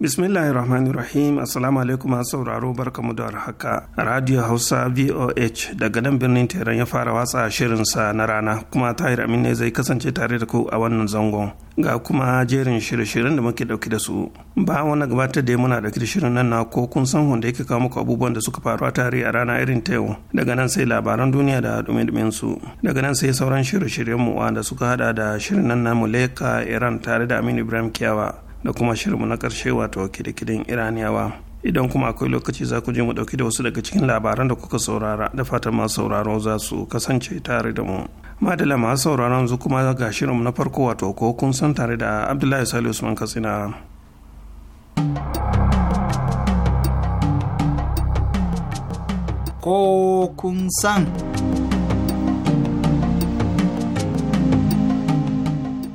bismillahir rahmanir rahim assalamu alaikum masu sauraro barkamu da haka radio hausa voh daga nan birnin teran ya fara watsa shirinsa na rana kuma tahir amin ne zai kasance tare da ku a wannan zangon ga kuma jerin shirye-shiryen da muke dauki da su ba wani gabatar da muna dauki da shirin nan na ko kun san wanda yake kawo muku abubuwan da suka faru a tare a rana irin ta yau daga nan sai labaran duniya da dume su daga nan sai sauran shirye-shiryen mu wanda suka hada da shirin nan na muleka iran tare da aminu ibrahim kiyawa da kuma shirinmu na ƙarshe wato kidikidin iraniyawa idan kuma akwai lokaci za ku je mu ɗauki da wasu daga cikin labaran da kuka saurara da fatan masu sauraro za su kasance tare da mu madala masu sauraro yanzu kuma ga shirinmu na farko wato ko kun san tare da abdullahi salisu usman katsina ko kun san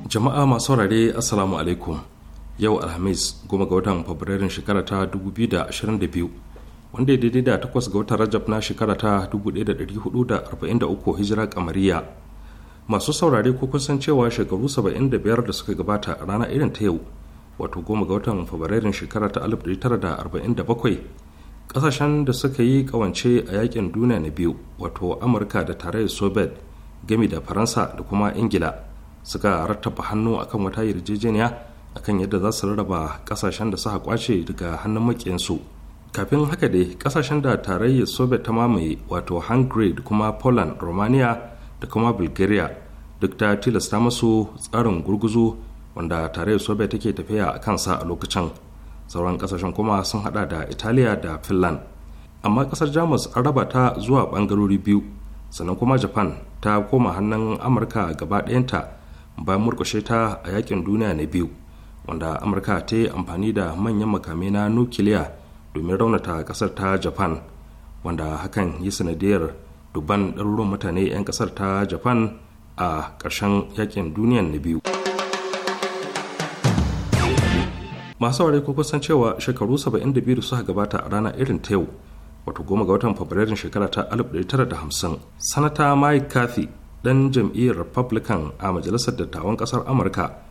jama'a masu saurare assalamu alaikum yau alhamis goma ga watan fabrairun shekara ta 2022 wanda ya daidai da takwas ga watan rajab na shekara ta 1443 hijira kamariya masu saurare ko kun san cewa shekaru 75 da suka gabata a rana irin ta yau wato goma ga watan fabrairun shekara ta 1947 kasashen da suka yi kawance a yakin duniya na biyu wato amurka da tarayyar soviet gami da faransa da kuma ingila suka rattaba hannu akan wata yarjejeniya akan yadda za su rarraba kasashen da suka kwace daga hannun makiyansu kafin haka dai kasashen da tarayyar soviet ta mamaye wato hungary da kuma poland romania da kuma bulgaria duk ta tilasta masu tsarin gurguzu wanda tarayyar soviet take tafiya a kansa a lokacin sauran kasashen kuma sun hada da italiya da finland amma kasar jamus an raba ta zuwa bangarori biyu sannan kuma japan ta koma hannun amurka gaba ɗayanta bayan murkushe ta a yakin duniya na biyu wanda amurka ta yi amfani da manyan makamai na nukiliya domin raunata kasar ta japan wanda hakan yi sanadiyar dubban ɗaruruwan mutane 'yan kasar ta japan a ƙarshen yakin duniyan na biyu masu aure ko kusan cewa shekaru 72 suka gabata a rana irin ta yau wato goma ga watan fabrairun shekara ta 1950 sanata mike cathy dan jam'iyyar republican a majalisar dattawan kasar amurka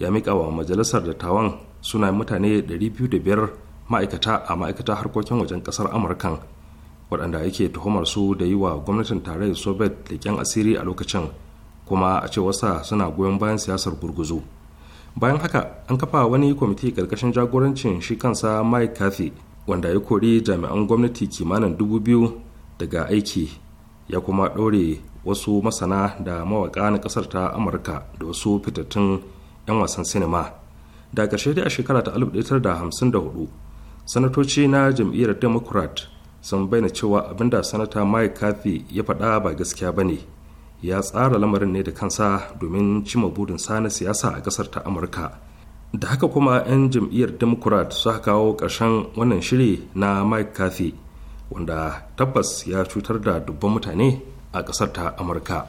ya mika wa majalisar dattawan suna mutane 205 ma'aikata a ma'aikata harkokin wajen ƙasar amurkan waɗanda yake tuhumar su da yi wa gwamnatin tarayyar soviet kyan asiri a lokacin kuma a wasa suna goyon bayan siyasar gurguzu bayan haka an kafa wani kwamiti ƙarƙashin jagorancin shi kansa mike kafi wanda ya kori jami'an gwamnati kimanin dubu biyu daga aiki ya kuma ɗore wasu masana da mawaƙa na ƙasar ta amurka da wasu fitattun 'yan wasan sinima da ƙarshe dai a shekara ta 1954 sanatoci na jam'iyyar democrat sun bayyana cewa abinda sanata mike cathy ya faɗa ba gaskiya ba ne ya tsara lamarin ne da kansa domin cima burinsa na siyasa a ƙasar ta amurka da haka kuma 'yan jam'iyyar democrat suka kawo ƙarshen wannan shiri na mike cathy wanda tabbas ya cutar da dubban mutane a ƙasar ta amurka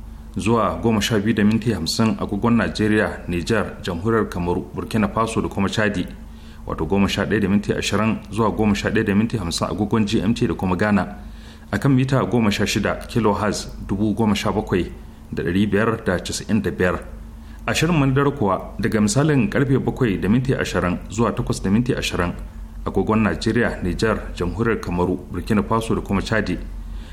zuwa goma sha biyu da minti hamsin agogon najeriya niger jamhuriyar kamaru burkina faso da kuma chadi wato goma sha ɗaya da minti zuwa goma sha ɗaya agogon gmt da kuma ghana a kan mita goma sha shida A dubu goma sha bakwai da ɗari biyar da da biyar ashirin manadar kuwa daga misalin karfe bakwai da minti ashirin zuwa takwas da minti ashirin agogon najeriya niger jamhuriyar kamaru burkina faso da kuma chadi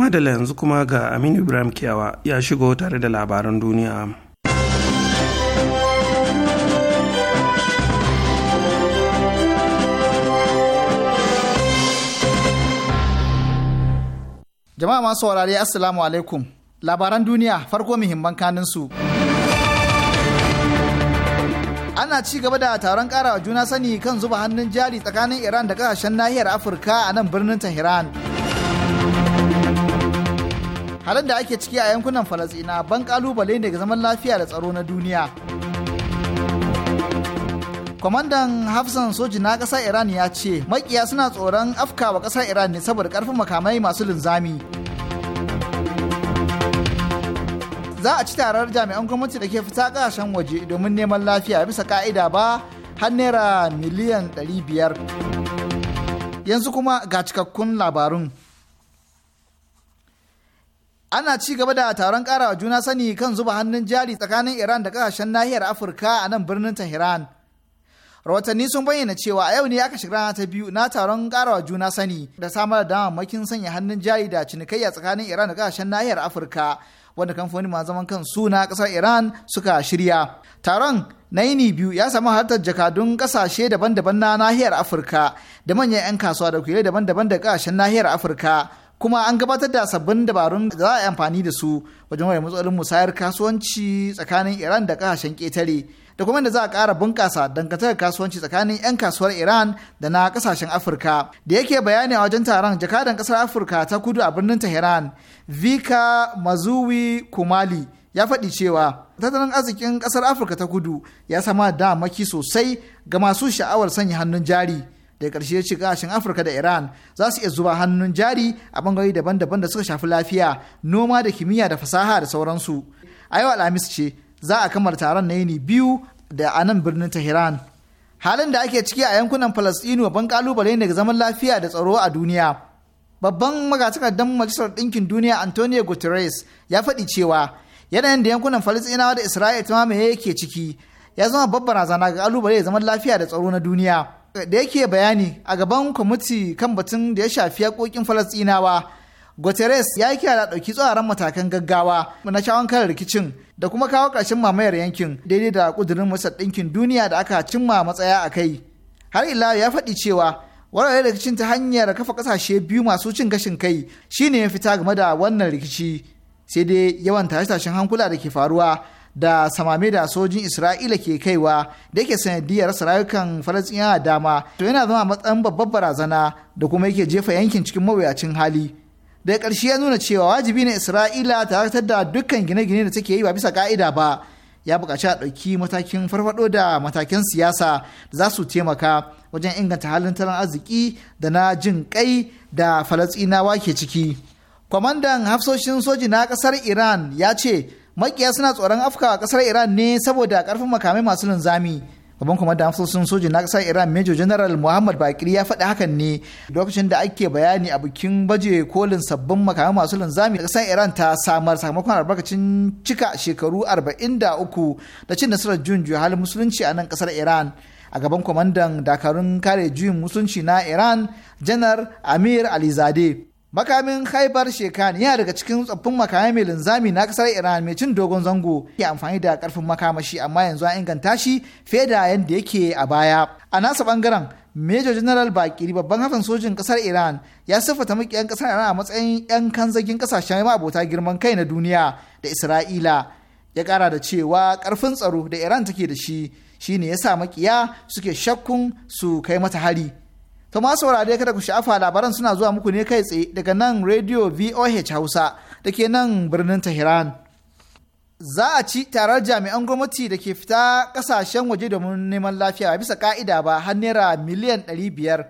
Madala yanzu kuma ga Aminu Ibrahim Kiyawa ya shigo tare da labaran duniya. Jama'a masu saurare Assalamu alaikum. Labaran duniya farko muhimman kanin su. Ana ci gaba da taron karawa juna sani kan zuba hannun jari tsakanin Iran da kasashen nahiyar Afirka a nan birnin Tehran. halin da ake ciki a yankunan falasina ban kalubale ne ga zaman lafiya da tsaro na duniya kwamandan hafsan soji na ƙasar iran ya ce makiya suna tsoron afkawa ƙasar iran ne saboda ƙarfin makamai masu linzami za a ci tarar jami'an gwamnati da ke fita ƙasashen waje domin neman lafiya bisa ka'ida ba har naira miliyan 500 yanzu kuma ga cikakkun labarun ana ci gaba da taron karawa juna sani kan zuba hannun jari tsakanin iran da kasashen nahiyar afirka a nan birnin tehran rahotanni sun bayyana cewa a yau ne aka shiga rana ta biyu na taron karawa juna sani da samar da damammakin sanya hannun jari da cinikayya tsakanin iran da kasashen nahiyar afirka wanda kamfani ma zaman kansu na kasar iran suka shirya taron na yini biyu ya samu halartar jakadun kasashe daban-daban na nahiyar afirka da manyan 'yan kasuwa da kuyi daban-daban da kasashen nahiyar afirka kuma an gabatar da sabbin dabarun da za a yi amfani da su wajen wayar matsalolin musayar kasuwanci tsakanin iran da kasashen ƙetare da kuma da za a ƙara bunƙasa dangantakar kasuwanci tsakanin 'yan kasuwar iran da na kasashen afirka da yake bayani a wajen taron jakadan ƙasar afirka ta kudu a birnin tehran vika mazuwi kumali ya faɗi cewa tattalin arzikin ƙasar afirka ta kudu ya sama damaki sosai ga masu sha'awar sanya hannun jari da ƙarshe ci gashin afirka da iran za su iya zuba hannun jari a bangarori daban-daban da suka shafi lafiya noma da kimiyya da fasaha da sauransu a yau alhamis ce za a kamar taron na yini biyu da a nan birnin tehran halin da ake ciki a yankunan falastinu babban kalubale ne ga zaman lafiya da tsaro a duniya babban magatakardar majalisar ɗinkin duniya antonio guterres ya faɗi cewa yanayin da yankunan falastinawa da isra'ila ta mamaye yake ciki ya zama babbar razana ga kalubale da zaman lafiya da tsaro na duniya da yake bayani a gaban kwamiti kan batun da ya shafi yakokin falastinawa guterres ya yi kira da ɗauki tsoron matakan gaggawa na shawon kan rikicin da kuma kawo ƙarshen mamayar yankin daidai da ƙudurin masar ɗinkin duniya da aka cimma matsaya a kai har ila ya faɗi cewa warware rikicin ta hanyar kafa ƙasashe biyu masu cin gashin kai shine ya fita game da wannan rikici sai dai yawan tashe-tashen hankula da ke faruwa da samame da sojin isra'ila ke kaiwa da yake sanadiyar rasa rayukan a dama to yana zama matsayin babbar barazana da kuma yake jefa yankin cikin mawuyacin hali da ƙarshe ya nuna cewa wajibi ne isra'ila ta dakatar da dukkan gine-gine da take yi ba bisa ka'ida ba ya buƙaci a ɗauki matakin farfaɗo da matakin siyasa da za su taimaka wajen inganta halin tattalin arziki da na jin kai da falasɗinawa ke ciki kwamandan hafsoshin soji na ƙasar iran ya ce makiya suna tsoron afka a kasar iran ne saboda karfin makamai masu linzami babban kwamandan hafsoshin soji na kasar iran major general muhammad bakiri ya faɗi hakan ne lokacin da ake bayani a bikin baje kolin sabbin makamai masu linzami da kasar iran ta samar sakamakon albarkacin cika shekaru arba'in da uku cin nasarar juya halin musulunci a nan kasar iran a gaban kwamandan dakarun kare juyin musulunci na iran janar amir alizade makamin haibar shekani yana daga cikin tsoffin makamai mai linzami na kasar iran mai cin dogon zango ke amfani da karfin makamashi amma yanzu an inganta shi fiye da yadda yake a baya a nasa bangaren major general bakiri babban hafin sojin kasar iran ya siffata makiyan kasar iran a matsayin yan kanzagin kasashen abota girman kai na duniya da isra'ila ya kara da cewa karfin tsaro da iran take da shi shine yasa makiya suke shakkun su kai mata hari To ma saurare kada ku sha'afa labaran suna zuwa muku ne kai tsaye daga nan Radio VOH Hausa da ke nan birnin Tehran. Za a ci tarar jami'an gwamnati da ke fita kasashen waje domin neman lafiya bisa ka'ida ba har naira miliyan ɗari biyar.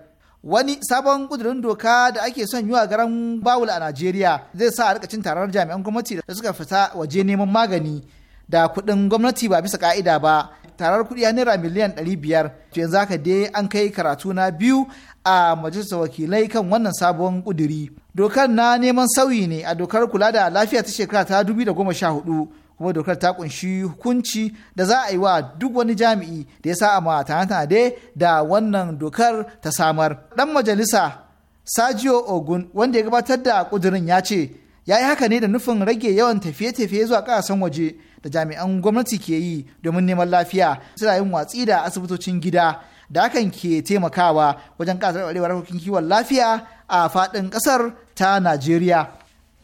Wani sabon ƙudurin doka da ake son yiwa garan bawul a Najeriya zai sa a rika cin tarar jami'an gwamnati da suka fita waje neman magani da kuɗin gwamnati ba bisa ka'ida ba. Tarar kuɗi naira miliyan ɗari biyar. Yanzu haka dai an kai karatu na biyu a majalisar wakilai kan wannan sabon kuduri. Dokar na neman sauyi ne a dokar kula da lafiya ta shekara ta hudu, kuma dokar ta kunshi hukunci da za a yi wa duk wani jami'i da ya sa a ma tanade da wannan dokar ta samar. Dan majalisa Sajio Ogun wanda ya gabatar da kudurin ya ce ya yi haka ne da nufin rage yawan tafiye-tafiye zuwa ƙasan waje da jami'an gwamnati ke yi domin neman lafiya suna yin watsi da asibitocin gida da hakan ke taimakawa wajen ƙasar ƙwarewar harkokin kiwon lafiya a faɗin ƙasar ta Najeriya.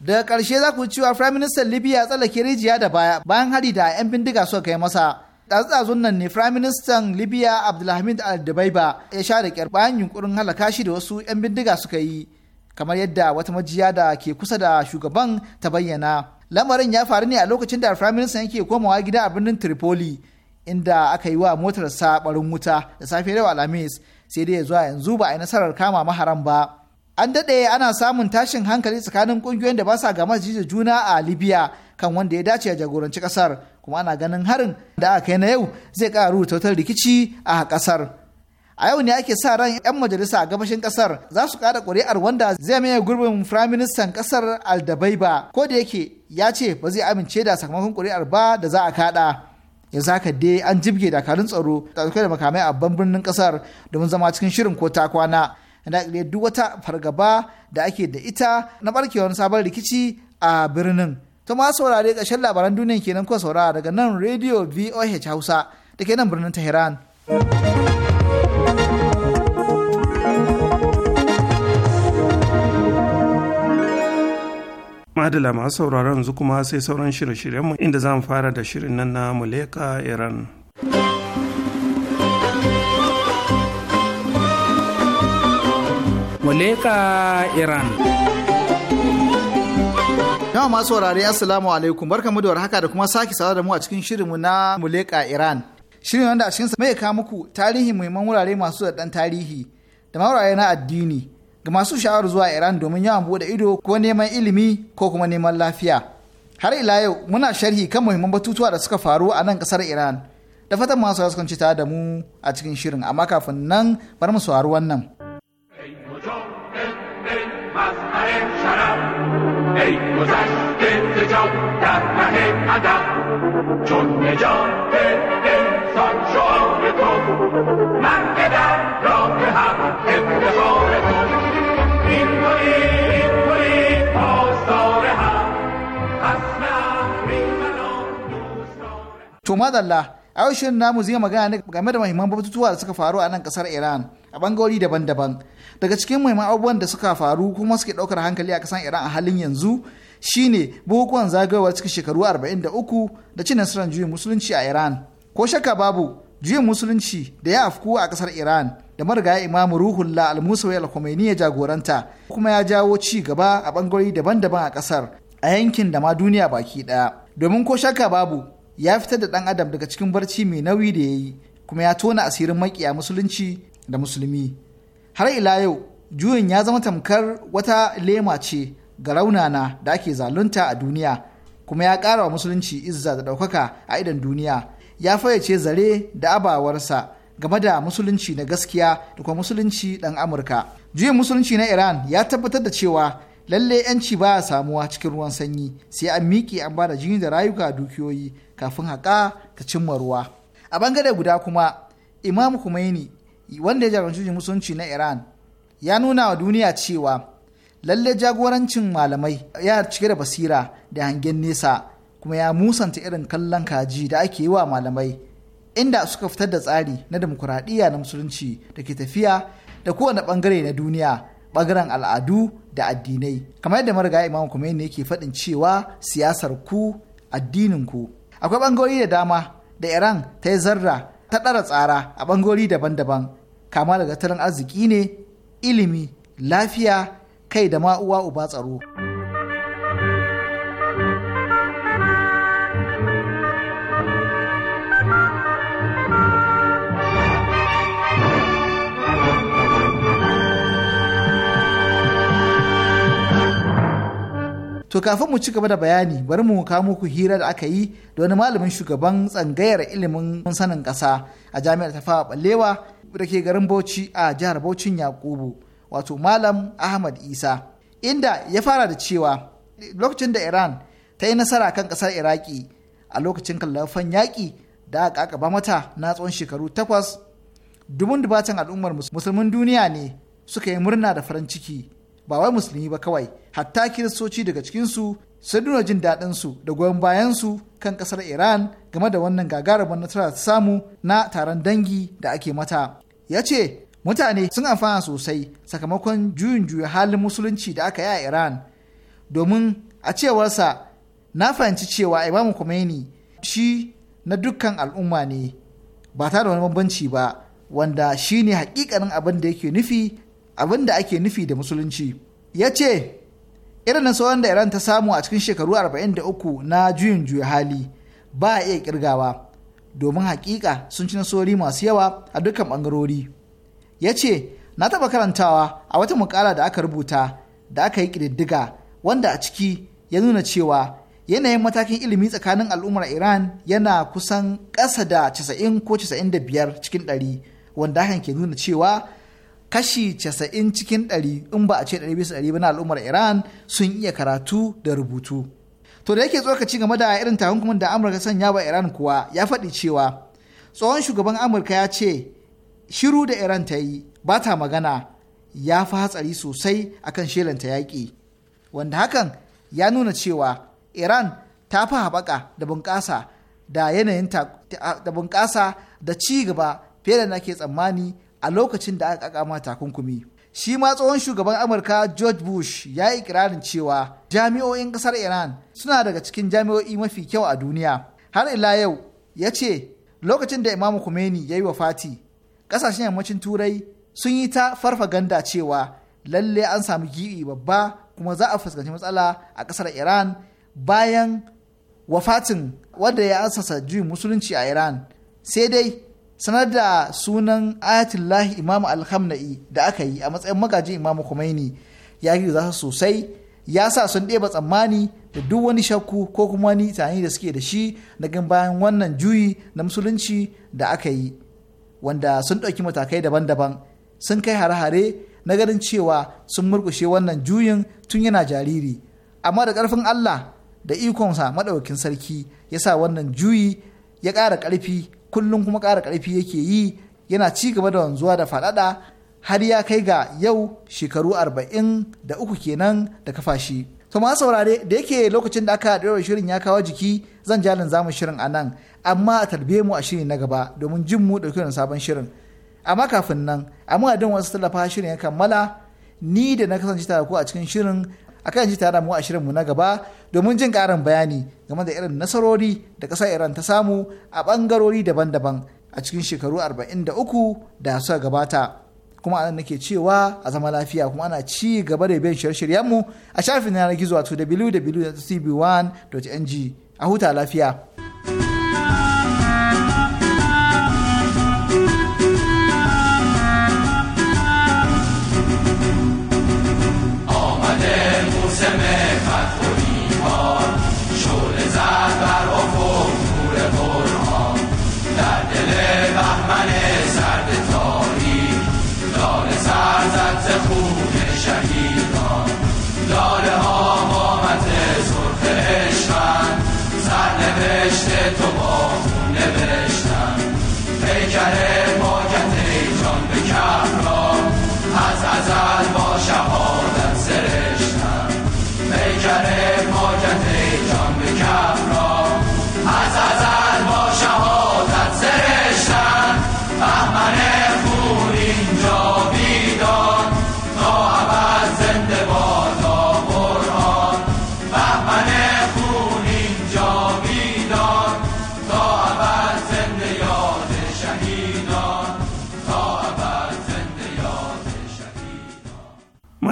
Daga ƙarshe za ku cewa Firayim Ministan Libya tsallake rijiya da baya bayan hari da 'yan bindiga suka kai masa. ɗazu nan ne Firayim Ministan Libya Abdulhamid Al-Dubaiba ya sha da ƙyar bayan yunkurin halaka shi da wasu 'yan bindiga suka yi. Kamar yadda wata majiya da ke kusa da shugaban ta bayyana. Lamarin ya faru ne a lokacin da firaministan yake komawa gida a birnin Tripoli. inda aka yi wa motarsa barin wuta da safe da alhamis sai dai zuwa yanzu ba a yi nasarar kama maharan ba an daɗe ana samun tashin hankali tsakanin ƙungiyoyin da ba sa gama da juna a libya kan wanda ya dace a jagoranci ƙasar kuma ana ganin harin da aka kai na yau zai ƙara wutar rikici a ƙasar a yau ne ake sa ran 'yan majalisa a gabashin ƙasar za su ƙara ƙuri'ar wanda zai maye gurbin firaministan ƙasar aldabaiba ko da yake ya ce ba zai amince da sakamakon ƙuri'ar ba da za a kaɗa ya zaka dai an jibge dakarun tsaro ɗauke da makamai a birnin kasar domin zama cikin shirin ko ta kwana da duk wata fargaba da ake da ita na barkewar sabon rikici a birnin. To ma saurare ƙarshen labaran duniya kenan ko saurara daga nan Radio VOH Hausa da ke nan birnin Tehran. Madala masu sauraron yanzu kuma sai sauran shirye-shiryenmu inda za mu fara da shirin nan na Muleka Iran. Muleka Iran. Yawan masu saurare Assalamu alaikum mu da warhaka da kuma sake sawa da mu a cikin shirinmu na Muleka Iran. Shirin wanda a cikinsa mai kawo muku tarihi muhimman wurare masu da tarihi da ma wurare na addini. ga masu sha'awar zuwa Iran domin yawan bude ido ko neman ilimi ko kuma neman lafiya. Har ila yau muna sharhi kan muhimman batutuwa da suka faru a nan kasar Iran. Da fatan masu wasu kanci da mu a cikin shirin amma kafin nan bar mu saurari wannan. چون نجات انسان شعار تو من To madalla, a yau shirin namu zai magana game da mahimman batutuwa da suka faru a nan kasar Iran a bangarori daban-daban. Daga cikin muhimman abubuwan da suka faru kuma suke daukar hankali a kasar Iran a halin yanzu shine bukukuwan zagayowar cikin shekaru 43 da cin nasarar juyin musulunci a Iran. Ko shakka babu juyin musulunci da ya afku a kasar Iran da marigaya imamu ruhullah al-musawi al ya jagoranta kuma ya jawo ci gaba a bangarori daban-daban a kasar a yankin da ma duniya baki daya domin ko shakka babu ya fitar da dan adam daga cikin barci mai nauyi da ya yi kuma ya tona asirin makiya musulunci da musulmi har ila yau juyin ya zama tamkar wata lema ce ga raunana da ake zalunta a duniya kuma ya ƙara wa musulunci izza da ɗaukaka a idan duniya ya fayyace zare da abawarsa game da musulunci na gaskiya da kuma musulunci dan amurka juyin musulunci na iran ya tabbatar da cewa lalle yanci ba a samuwa cikin ruwan sanyi sai an miƙe an ba da jini da rayuka dukiyoyi kafin haƙa ta cimma ruwa a bangare guda kuma imam Khomeini wanda ya jagoranci juyin musulunci na iran ya nuna wa duniya cewa lalle jagorancin malamai ya cike da basira da hangen nesa kuma ya musanta irin kallon kaji da ake yi wa malamai inda suka fitar da tsari na demokuraɗiyya na musulunci da ke tafiya da kowane ɓangare na duniya ɓangaren al'adu da addinai kamar yadda marigaya imam ne yake faɗin cewa siyasar ku addinin ku akwai ɓangarori da dama da iran ta yi zarra ta ɗara tsara a ɓangarori daban-daban kama daga tattalin arziki ne ilimi lafiya kai da ma uwa uba tsaro. To kafin mu ci gaba da bayani bari mu kawo muku hira da aka yi da wani malamin shugaban tsangayar ilimin sanin ƙasa a jami'ar ta fawa ballewa da ke garin Bauchi a jihar Bauchin Yakubu wato malam Ahmad Isa inda ya fara da cewa lokacin da Iran ta yi nasara kan ƙasar Iraki a lokacin kallafan yaƙi da aka kaba mata na tsawon shekaru takwas dubun dubatan al'ummar musulmin duniya ne suka yi murna da farin ciki ba wai musulmi ba kawai hatta kiristoci daga cikinsu sun nuna jin daɗin su da goyon bayan su kan ƙasar iran game da wannan gagarumin nasara ta samu na taron dangi da ake mata ya ce mutane sun amfana sosai sakamakon juyin juya halin musulunci da aka yi a iran domin a cewarsa na fahimci cewa imam Khomeini shi na dukkan al'umma ne ba ta da wani bambanci ba wanda shi ne hakikanin abin da yake nufi abin da ake nufi da musulunci ya ce irin na nasarorin da iran ta samu a cikin shekaru 43 na juyin juya hali ba a iya kirgawa domin hakika sun ci nasori masu yawa a dukkan bangarori ya ce na taɓa karantawa a wata mukala da aka rubuta da aka yi ƙididdiga wanda a ciki ya nuna cewa yanayin matakin ilimi tsakanin al'ummar iran yana kusan ƙasa da 90 ko 95 cikin 100 wanda hakan ke nuna cewa kashi 90 cikin 100 in ba a ce 100 bisa 100 ba na al'ummar Iran sun iya karatu da rubutu. To da yake tsokaci game da irin takunkumin da Amurka sanya ba Iran kuwa ya faɗi cewa tsohon shugaban Amurka ya ce shiru da Iran ta yi ba ta magana ya fi hatsari sosai akan shelanta yaƙi. Wanda hakan ya nuna cewa Iran ta fi haɓaka da bunƙasa da yanayin da bunƙasa da ci gaba fiye da ke tsammani a lokacin da aka kama takunkumi shi ma tsohon shugaban amurka george bush ya yi ikirarin cewa jami'o'in ƙasar iran suna daga cikin jami'o'i mafi kyau a duniya har ila yau ya ce lokacin da Imam Khomeini ya yi wa fati ƙasashen yammacin turai sun yi ta farfaganda cewa lalle an samu gibi babba kuma za a fuskanci matsala a ƙasar iran bayan wafatin wanda ya asasa juyin musulunci a iran sai dai sanar da sunan ayatullahi imamu alhamna'i da aka yi a matsayin magajin imamu kumaini ya yi za sosai ya sa sun ɗeba tsammani da duk wani shakku ko kuma wani tani da suke da shi daga bayan wannan juyi na musulunci da aka yi wanda sun ɗauki matakai daban-daban sun kai hare-hare na ganin cewa sun murkushe wannan juyin tun yana jariri amma da ƙarfin Allah da ikonsa maɗaukin sarki ya sa wannan juyi ya ƙara ƙarfi kullum kuma ƙara ƙarfi yake yi yana ci gaba da wanzuwa da faɗaɗa har ya kai ga yau shekaru arba'in da uku kenan da kafa shi. To ma saurare da yake lokacin da aka ɗaura shirin ya kawo jiki zan jalin zamu shirin a nan amma a tarbe mu a shirin na gaba domin jin mu ɗauki wani sabon shirin. Amma kafin nan amma don wasu tallafa shirin ya kammala ni da na kasance tare ku a cikin shirin akan ji tare mu a mu na gaba domin jin karin bayani game da irin nasarori da ƙasar Iran ta samu a ɓangarori daban-daban a cikin shekaru 43 da suka gabata. Kuma anan nake cewa a zama lafiya kuma ana ci gaba da biyan shirye-shiryenmu a shafin yanar gizo wato www.tv1.ng a huta lafiya.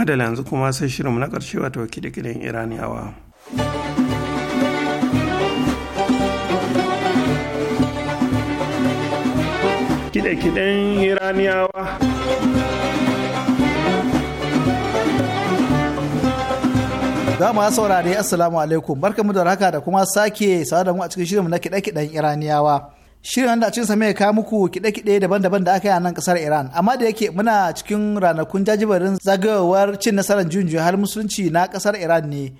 da yanzu kuma sai shirinmu na ƙarshe wato kiɗe iraniyawa kiɗe iraniyawa Za mu saurare Assalamu alaikum barkamu da haka da kuma sake sawa da mu a cikin shirinmu na kiɗe Iraniyawa. Shirin wanda cin mai ka muku kide-kide daban-daban da aka yi a nan kasar Iran. Amma da yake muna cikin ranakun jajibarin zagayowar cin nasarar junjun har musulunci na kasar Iran ne.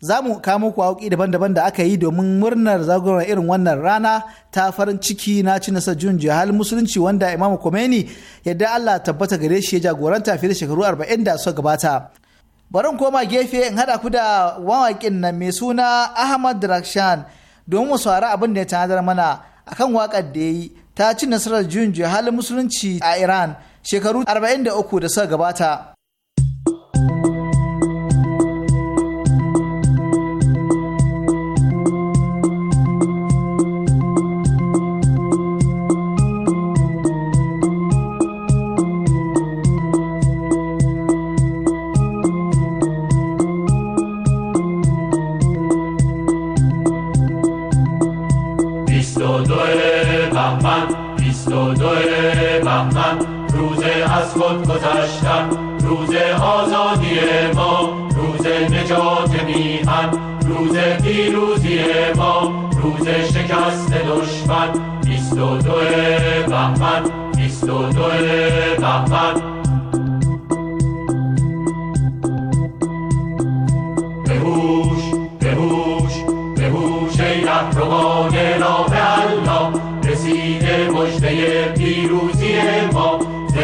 Za mu kawo muku auki daban-daban da aka yi domin murnar zagayowar irin wannan rana ta farin ciki na cin nasarar junjun har musulunci wanda Imam Khomeini yadda Allah tabbata gare shi ya jagoranta fiye da shekaru 40 da suka gabata. Barin koma gefe in hada ku da wawakin nan mai suna Ahmad rakshan domin mu saurari abin da ya tanadar mana. akan waƙar da ya yi ta ci nasarar juyin halin musulunci a Iran shekaru 43 da suka gabata. دشمن 22 بهمن 22 بهمن بهوش بهوش بهوش ای رهروان الله رسیده مژدهٔ پیروزی ما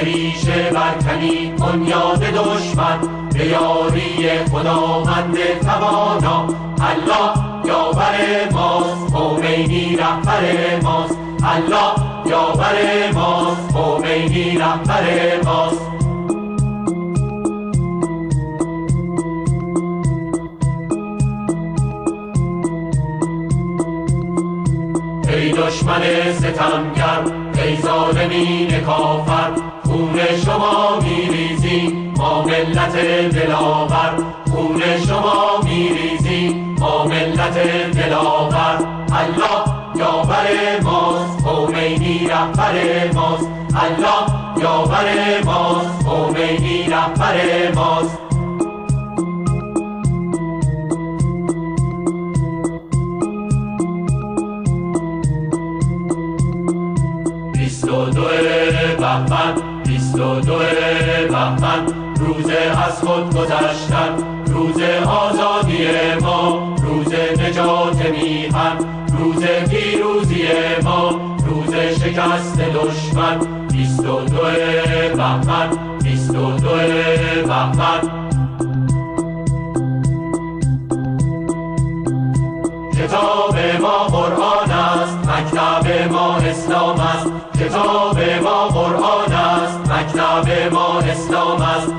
ریشه برکنی بنیاد دشمن به یاری خداوند توانا الله رهبر ماست الله یاور ماست خمینی رهبر ماست ای دشمن ستمگر ای ظالمین کافر خون شما میریزی ما ملت دلاور خون شما میریزی ما ملت دلاور الله یاور ماست خمینی رهبر ماست الله یاور ماست خمینی رهبر ماست بهمن بیست و دو بهمن روز از خود گذشتن روز آزادی ما شکست دشمن بیست و دو بهمن بیست و دو بهمن کتاب ما قرآن است مکتب ما اسلام است کتاب ما قرآن است مکتب ما اسلام است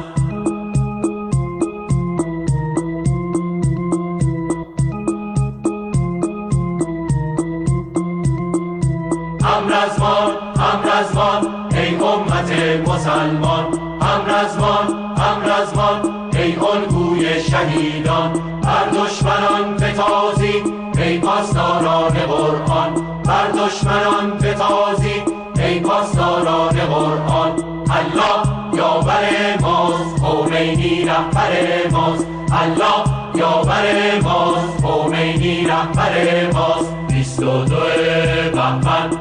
مسلمان هم رزمان هم رزمان ای الگوی شهیدان بر دشمنان بتازی ای پاسداران قرآن بر دشمنان بتازی ای پاسداران قرآن الله یاور ماست خومینی رهبر ماست الله یاور ماست خمینی رهبر ماست بیست و دو بهمن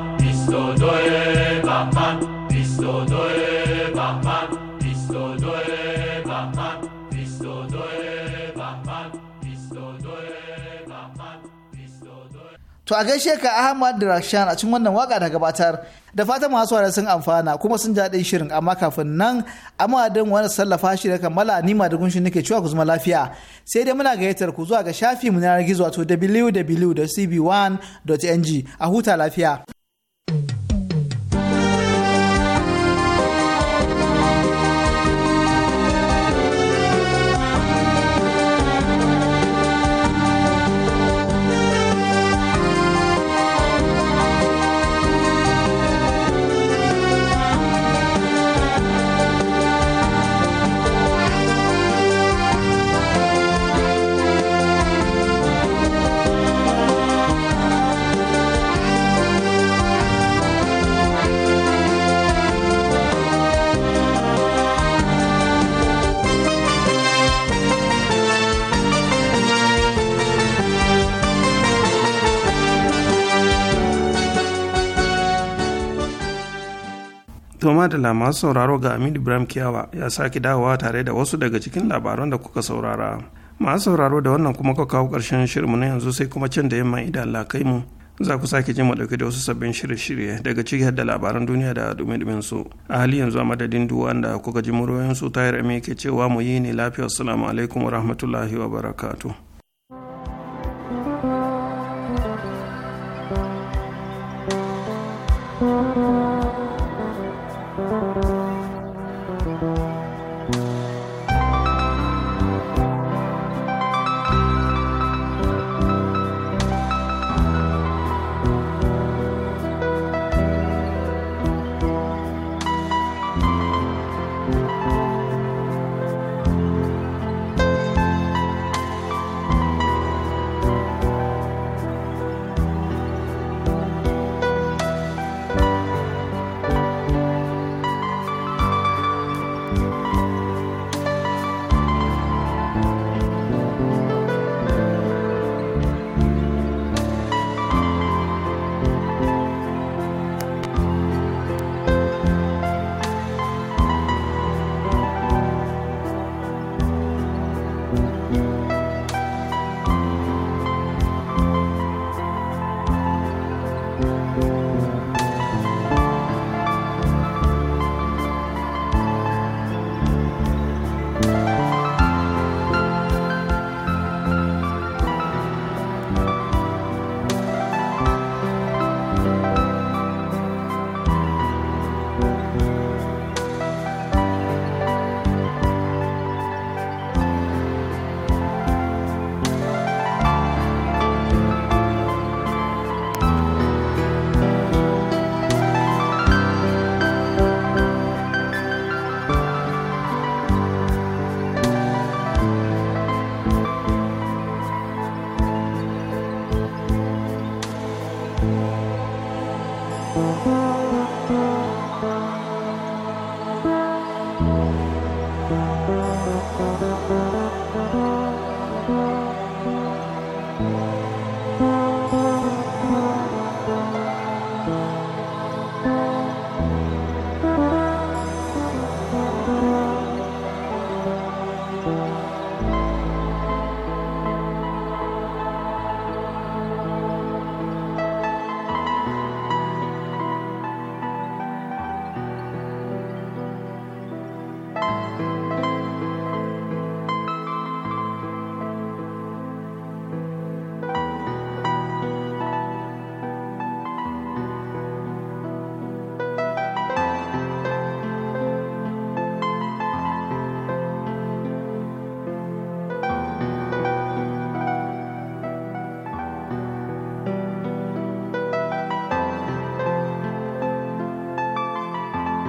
To a gaishe ka Ahmad Drakshan a cikin wannan waka da gabatar da fatan masu wara sun amfana kuma sun ji daɗin shirin amma kafin nan amadin wani sallafa shi da kammala nima da gunshin nake cewa ku zama lafiya sai dai muna gayyatar ku zuwa ga shafi mu na gizo wato www.cb1.ng a huta lafiya. adala masu sauraro ga Aminu Ibrahim Kiyawa ya sake dawowa tare da wasu daga cikin labaran da kuka saurara. Masu sauraro da wannan kuma ka kawo ƙarshen shirinmu na yanzu sai kuma can da yamma idan Allah kai mu. Za ku sake jin mu da wasu sabbin shirye-shirye daga ciki da labaran duniya da dumi-dumin su. A hali yanzu a madadin duk da kuka ji muryoyin su tayar ame ke cewa mu yi ne lafiya. Assalamu alaikum wa rahmatullahi wa barakatu. thank you